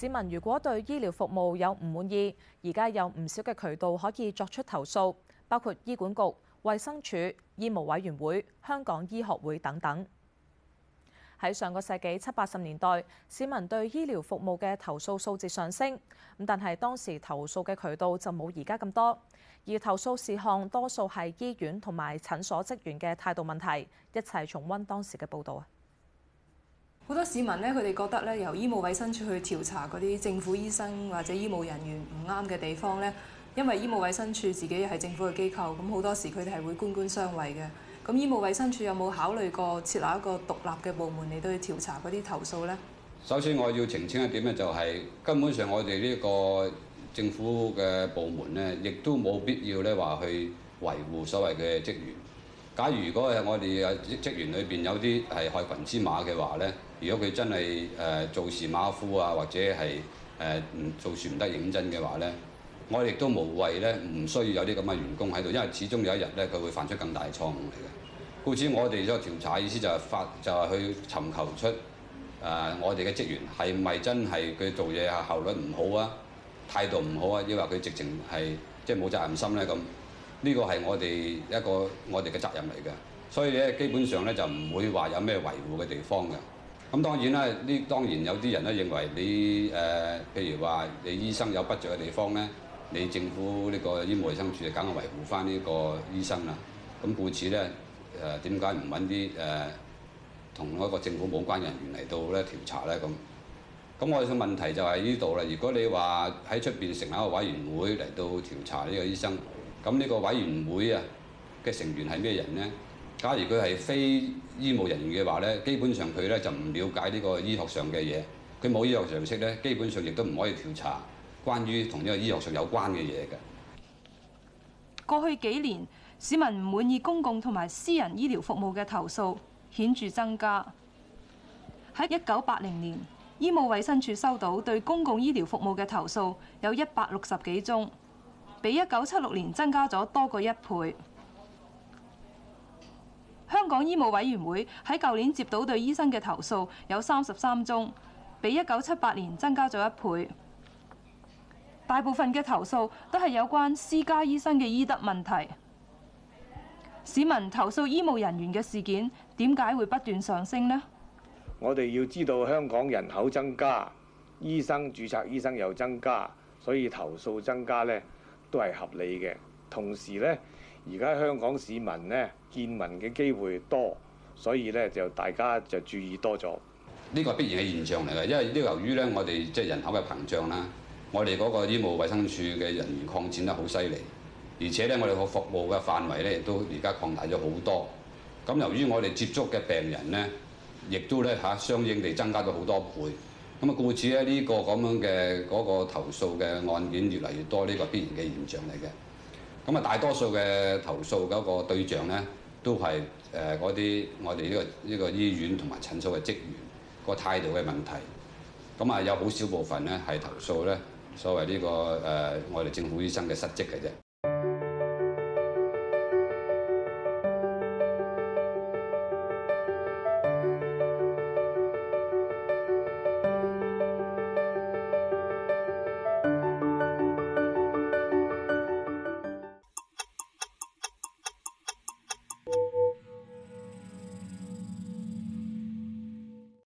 市民如果對醫療服務有唔滿意，而家有唔少嘅渠道可以作出投訴，包括醫管局、衛生署、醫務委員會、香港醫學會等等。喺上個世紀七八十年代，市民對醫療服務嘅投訴數字上升，咁但係當時投訴嘅渠道就冇而家咁多，而投訴事項多數係醫院同埋診所職員嘅態度問題。一齊重温當時嘅報導啊！好多市民咧，佢哋覺得咧，由醫務衛生處去調查嗰啲政府醫生或者醫務人員唔啱嘅地方咧，因為醫務衛生處自己係政府嘅機構，咁好多時佢哋係會官官相衛嘅。咁醫務衛生處有冇考慮過設立一個獨立嘅部門嚟到調查嗰啲投訴呢？首先我要澄清一點咧、就是，就係根本上我哋呢個政府嘅部門咧，亦都冇必要咧話去維護所謂嘅職員。假如如果係我哋啊職員裏邊有啲係害群之馬嘅話呢，如果佢真係誒、呃、做事馬虎啊，或者係誒唔做事唔得認真嘅話呢，我哋亦都無謂呢，唔需要有啲咁嘅員工喺度，因為始終有一日呢，佢會犯出更大錯誤嚟嘅。故此我哋個調查意思就係發就係、是、去尋求出誒、呃、我哋嘅職員係咪真係佢做嘢效率唔好啊，態度唔好啊，抑或佢直情係即係冇責任心呢？咁？呢個係我哋一個我哋嘅責任嚟嘅，所以咧基本上咧就唔會話有咩維護嘅地方嘅。咁當然啦，呢當然有啲人咧認為你誒、呃，譬如話你醫生有不足嘅地方咧，你政府呢個醫務衞生署梗係維護翻呢個醫生啦。咁故此咧誒，點解唔揾啲誒同一、呃、個政府無關人員嚟到咧調查咧咁？咁我嘅問題就係呢度啦。如果你話喺出邊成立個委員會嚟到調查呢個醫生，咁呢個委員會啊嘅成員係咩人咧？假如佢係非醫務人員嘅話咧，基本上佢咧就唔瞭解呢個醫學上嘅嘢，佢冇醫學常識咧，基本上亦都唔可以調查關於同呢個醫學上有關嘅嘢嘅。過去幾年，市民唔滿意公共同埋私人醫療服務嘅投訴顯著增加。喺一九八零年，醫務衞生署收到對公共醫療服務嘅投訴有一百六十幾宗。比一九七六年增加咗多過一倍。香港醫務委員會喺舊年接到對醫生嘅投訴有三十三宗，比一九七八年增加咗一倍。大部分嘅投訴都係有關私家醫生嘅醫德問題。市民投訴醫務人員嘅事件點解會不斷上升呢？我哋要知道香港人口增加，醫生，註冊醫生又增加，所以投訴增加呢。都係合理嘅，同時呢，而家香港市民呢，見聞嘅機會多，所以呢就大家就注意多咗。呢個必然嘅現象嚟嘅，因為呢由於呢我哋即係人口嘅膨脹啦，我哋嗰個醫務衛生署嘅人員擴展得好犀利，而且呢我哋個服務嘅範圍呢都而家擴大咗好多。咁由於我哋接觸嘅病人呢，亦都呢吓相應地增加咗好多倍。咁啊，故此咧，呢個咁樣嘅嗰個投訴嘅案件越嚟越多，呢個必然嘅現象嚟嘅。咁啊，大多數嘅投訴嘅一個對象呢，都係誒嗰啲我哋呢個呢個醫院同埋診所嘅職員個態度嘅問題。咁啊，有好少部分呢係投訴呢所謂呢個誒、呃、我哋政府醫生嘅失職嘅啫。